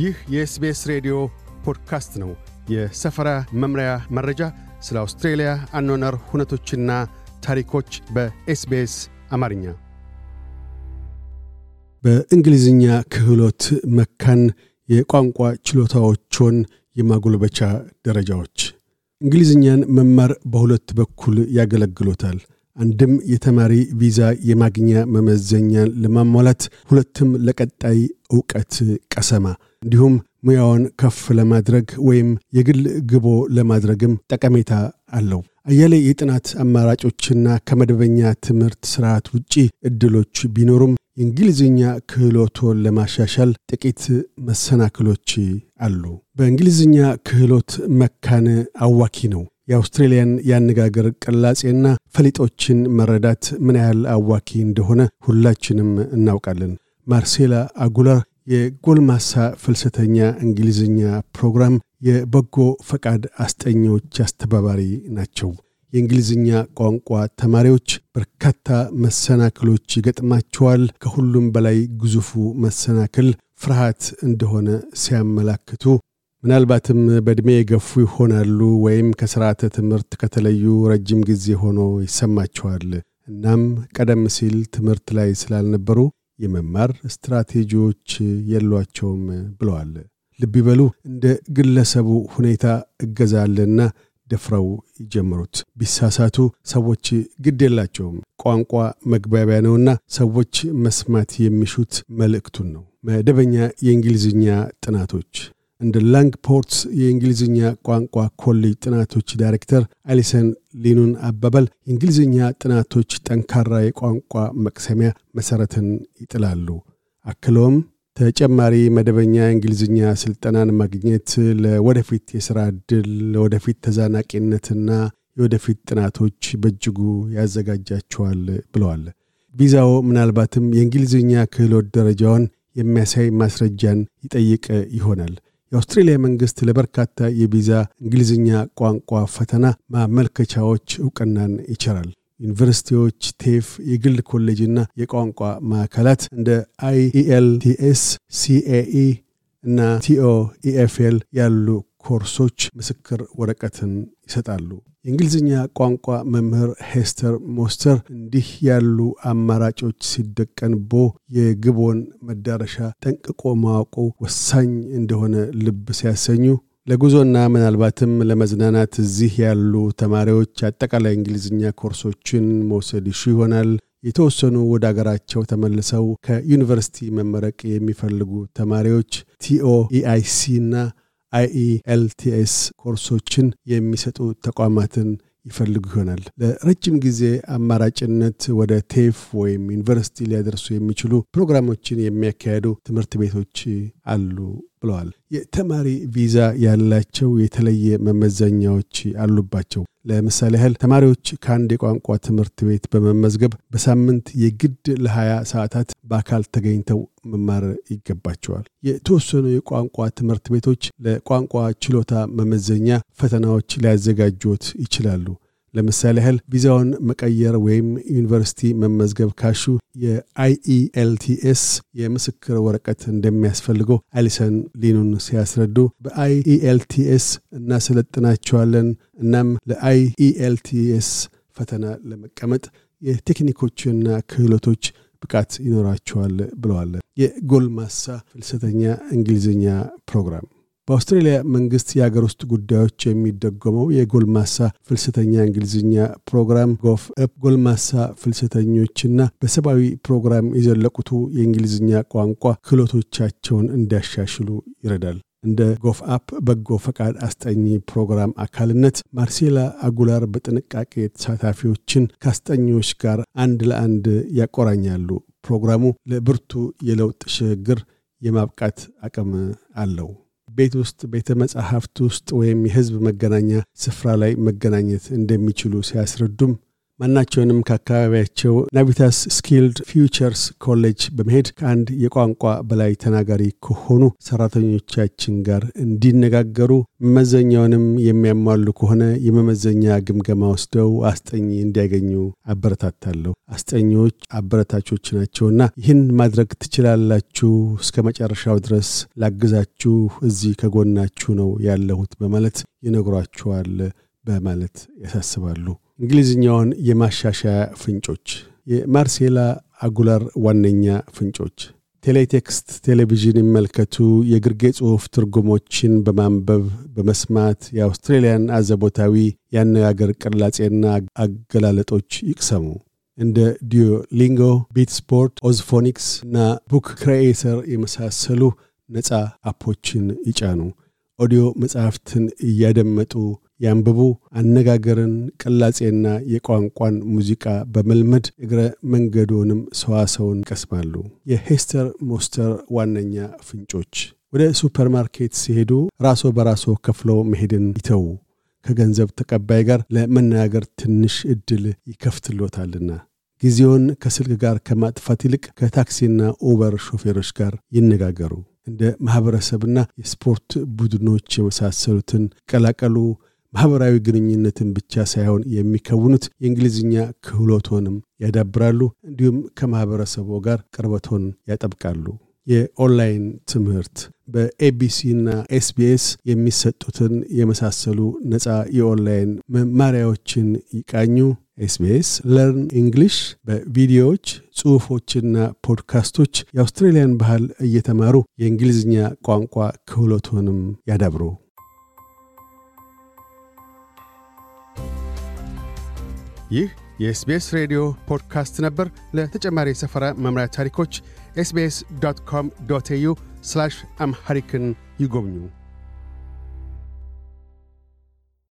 ይህ የኤስቤስ ሬዲዮ ፖድካስት ነው። የሰፈራ መምሪያ መረጃ፣ ስለ አውስትሬልያ አኗነር ሁነቶችና ታሪኮች በኤስቤስ አማርኛ። በእንግሊዝኛ ክህሎት መካን የቋንቋ ችሎታዎችን የማጎልበቻ ደረጃዎች። እንግሊዝኛን መማር በሁለት በኩል ያገለግሎታል። አንድም የተማሪ ቪዛ የማግኛ መመዘኛን ለማሟላት፣ ሁለትም ለቀጣይ እውቀት ቀሰማ እንዲሁም ሙያውን ከፍ ለማድረግ ወይም የግል ግቦ ለማድረግም ጠቀሜታ አለው። አያሌ የጥናት አማራጮችና ከመደበኛ ትምህርት ስርዓት ውጪ እድሎች ቢኖሩም የእንግሊዝኛ ክህሎቶን ለማሻሻል ጥቂት መሰናክሎች አሉ። በእንግሊዝኛ ክህሎት መካን አዋኪ ነው። የአውስትሬልያን የአነጋገር ቅላጼና ፈሊጦችን መረዳት ምን ያህል አዋኪ እንደሆነ ሁላችንም እናውቃለን። ማርሴላ አጉላር የጎልማሳ ፍልሰተኛ እንግሊዝኛ ፕሮግራም የበጎ ፈቃድ አስጠኞች አስተባባሪ ናቸው። የእንግሊዝኛ ቋንቋ ተማሪዎች በርካታ መሰናክሎች ይገጥማቸዋል። ከሁሉም በላይ ግዙፉ መሰናክል ፍርሃት እንደሆነ ሲያመላክቱ ምናልባትም በእድሜ የገፉ ይሆናሉ ወይም ከስርዓተ ትምህርት ከተለዩ ረጅም ጊዜ ሆኖ ይሰማቸዋል። እናም ቀደም ሲል ትምህርት ላይ ስላልነበሩ የመማር ስትራቴጂዎች የሏቸውም ብለዋል። ልብ ይበሉ፣ እንደ ግለሰቡ ሁኔታ እገዛ ደፍረው ይጀምሩት። ቢሳሳቱ ሰዎች ግድ የላቸውም። ቋንቋ መግባቢያ ነውና ሰዎች መስማት የሚሹት መልእክቱን ነው። መደበኛ የእንግሊዝኛ ጥናቶች እንደ ላንግፖርትስ የእንግሊዝኛ ቋንቋ ኮሌጅ ጥናቶች ዳይሬክተር አሊሰን ሊኑን አባባል የእንግሊዝኛ ጥናቶች ጠንካራ የቋንቋ መቅሰሚያ መሠረትን ይጥላሉ። አክለውም ተጨማሪ መደበኛ የእንግሊዝኛ ስልጠናን ማግኘት ለወደፊት የሥራ ዕድል፣ ለወደፊት ተዛናቂነትና የወደፊት ጥናቶች በእጅጉ ያዘጋጃቸዋል ብለዋል። ቪዛው ምናልባትም የእንግሊዝኛ ክህሎት ደረጃውን የሚያሳይ ማስረጃን ይጠይቅ ይሆናል። የአውስትሬልያ መንግስት ለበርካታ የቪዛ እንግሊዝኛ ቋንቋ ፈተና ማመልከቻዎች እውቅናን ይቸራል። ዩኒቨርሲቲዎች፣ ቴፍ፣ የግል ኮሌጅና የቋንቋ ማዕከላት እንደ አይኤልቲኤስ ሲኤኢ እና ቲኦኢኤፍኤል ያሉ ኮርሶች ምስክር ወረቀትን ይሰጣሉ። የእንግሊዝኛ ቋንቋ መምህር ሄስተር ሞስተር እንዲህ ያሉ አማራጮች ሲደቀንቦ የግቦን መዳረሻ ጠንቅቆ ማወቁ ወሳኝ እንደሆነ ልብ ሲያሰኙ ለጉዞና ምናልባትም ለመዝናናት እዚህ ያሉ ተማሪዎች አጠቃላይ እንግሊዝኛ ኮርሶችን መውሰድ ይሹ ይሆናል። የተወሰኑ ወደ አገራቸው ተመልሰው ከዩኒቨርሲቲ መመረቅ የሚፈልጉ ተማሪዎች ቲኦኢአይሲ እና አይኢኤልቲኤስ ኮርሶችን የሚሰጡ ተቋማትን ይፈልጉ ይሆናል። ለረጅም ጊዜ አማራጭነት ወደ ቴፍ ወይም ዩኒቨርሲቲ ሊያደርሱ የሚችሉ ፕሮግራሞችን የሚያካሄዱ ትምህርት ቤቶች አሉ ብለዋል። የተማሪ ቪዛ ያላቸው የተለየ መመዘኛዎች አሉባቸው። ለምሳሌ ያህል ተማሪዎች ከአንድ የቋንቋ ትምህርት ቤት በመመዝገብ በሳምንት የግድ ለሀያ ሰዓታት በአካል ተገኝተው መማር ይገባቸዋል። የተወሰኑ የቋንቋ ትምህርት ቤቶች ለቋንቋ ችሎታ መመዘኛ ፈተናዎች ሊያዘጋጁት ይችላሉ። ለምሳሌ ያህል ቪዛውን መቀየር ወይም ዩኒቨርሲቲ መመዝገብ ካሹ የአይኢኤልቲኤስ የምስክር ወረቀት እንደሚያስፈልገው አሊሰን ሊኑን ሲያስረዱ በአይኢኤልቲኤስ እናሰለጥናቸዋለን። እናም ለአይኢኤልቲኤስ ፈተና ለመቀመጥ የቴክኒኮችና ክህሎቶች ብቃት ይኖራቸዋል ብለዋለን የጎልማሳ ፍልሰተኛ እንግሊዝኛ ፕሮግራም በአውስትሬልያ መንግስት የአገር ውስጥ ጉዳዮች የሚደጎመው የጎልማሳ ፍልሰተኛ እንግሊዝኛ ፕሮግራም ጎፍ አፕ ጎልማሳ ፍልሰተኞችና በሰብአዊ ፕሮግራም የዘለቁቱ የእንግሊዝኛ ቋንቋ ክህሎቶቻቸውን እንዲያሻሽሉ ይረዳል። እንደ ጎፍ አፕ በጎ ፈቃድ አስጠኚ ፕሮግራም አካልነት ማርሴላ አጉላር በጥንቃቄ ተሳታፊዎችን ከአስጠኚዎች ጋር አንድ ለአንድ ያቆራኛሉ። ፕሮግራሙ ለብርቱ የለውጥ ሽግግር የማብቃት አቅም አለው። ቤት ውስጥ ቤተ መጻሕፍት ውስጥ ወይም የህዝብ መገናኛ ስፍራ ላይ መገናኘት እንደሚችሉ ሲያስረዱም ማናቸውንም ከአካባቢያቸው ናቪታስ ስኪልድ ፊውቸርስ ኮሌጅ በመሄድ ከአንድ የቋንቋ በላይ ተናጋሪ ከሆኑ ሰራተኞቻችን ጋር እንዲነጋገሩ መመዘኛውንም የሚያሟሉ ከሆነ የመመዘኛ ግምገማ ወስደው አስጠኝ እንዲያገኙ አበረታታለሁ። አስጠኞች አበረታቾች ናቸውና ይህን ማድረግ ትችላላችሁ፣ እስከ መጨረሻው ድረስ ላግዛችሁ፣ እዚህ ከጎናችሁ ነው ያለሁት በማለት ይነግሯችኋል በማለት ያሳስባሉ። እንግሊዝኛውን የማሻሻያ ፍንጮች የማርሴላ አጉላር ዋነኛ ፍንጮች ቴሌቴክስት ቴሌቪዥን ይመልከቱ የግርጌ ጽሑፍ ትርጉሞችን በማንበብ በመስማት የአውስትሬልያን አዘቦታዊ የአነጋገር ቅላጼና አገላለጦች ይቅሰሙ እንደ ዲዮሊንጎ ቢት ስፖርት ኦዝፎኒክስ እና ቡክ ክሬኤተር የመሳሰሉ ነፃ አፖችን ይጫኑ ኦዲዮ መጽሐፍትን እያደመጡ ያንብቡ። አነጋገርን፣ ቅላጼና የቋንቋን ሙዚቃ በመልመድ እግረ መንገዶንም ሰዋሰውን ይቀስማሉ። የሄስተር ሞስተር ዋነኛ ፍንጮች ወደ ሱፐርማርኬት ሲሄዱ ራሶ በራሶ ከፍለው መሄድን ይተዉ። ከገንዘብ ተቀባይ ጋር ለመነጋገር ትንሽ እድል ይከፍትሎታልና። ጊዜውን ከስልክ ጋር ከማጥፋት ይልቅ ከታክሲና ኡበር ሾፌሮች ጋር ይነጋገሩ። እንደ ማኅበረሰብና የስፖርት ቡድኖች የመሳሰሉትን ቀላቀሉ። ማኅበራዊ ግንኙነትን ብቻ ሳይሆን የሚከውኑት የእንግሊዝኛ ክህሎቶንም ያዳብራሉ። እንዲሁም ከማኅበረሰቡ ጋር ቅርበቶን ያጠብቃሉ። የኦንላይን ትምህርት በኤቢሲ እና ኤስቢኤስ የሚሰጡትን የመሳሰሉ ነፃ የኦንላይን መማሪያዎችን ይቃኙ። ኤስቢኤስ ለርን እንግሊሽ በቪዲዮዎች ጽሑፎችና ፖድካስቶች የአውስትሬልያን ባህል እየተማሩ የእንግሊዝኛ ቋንቋ ክህሎትንም ያዳብሩ ይህ የኤስቤስ ሬዲዮ ፖድካስት ነበር ለተጨማሪ የሰፈራ መምሪያ ታሪኮች ኤስቤስ ኮም ዶት ኤዩ አምሐሪክን ይጎብኙ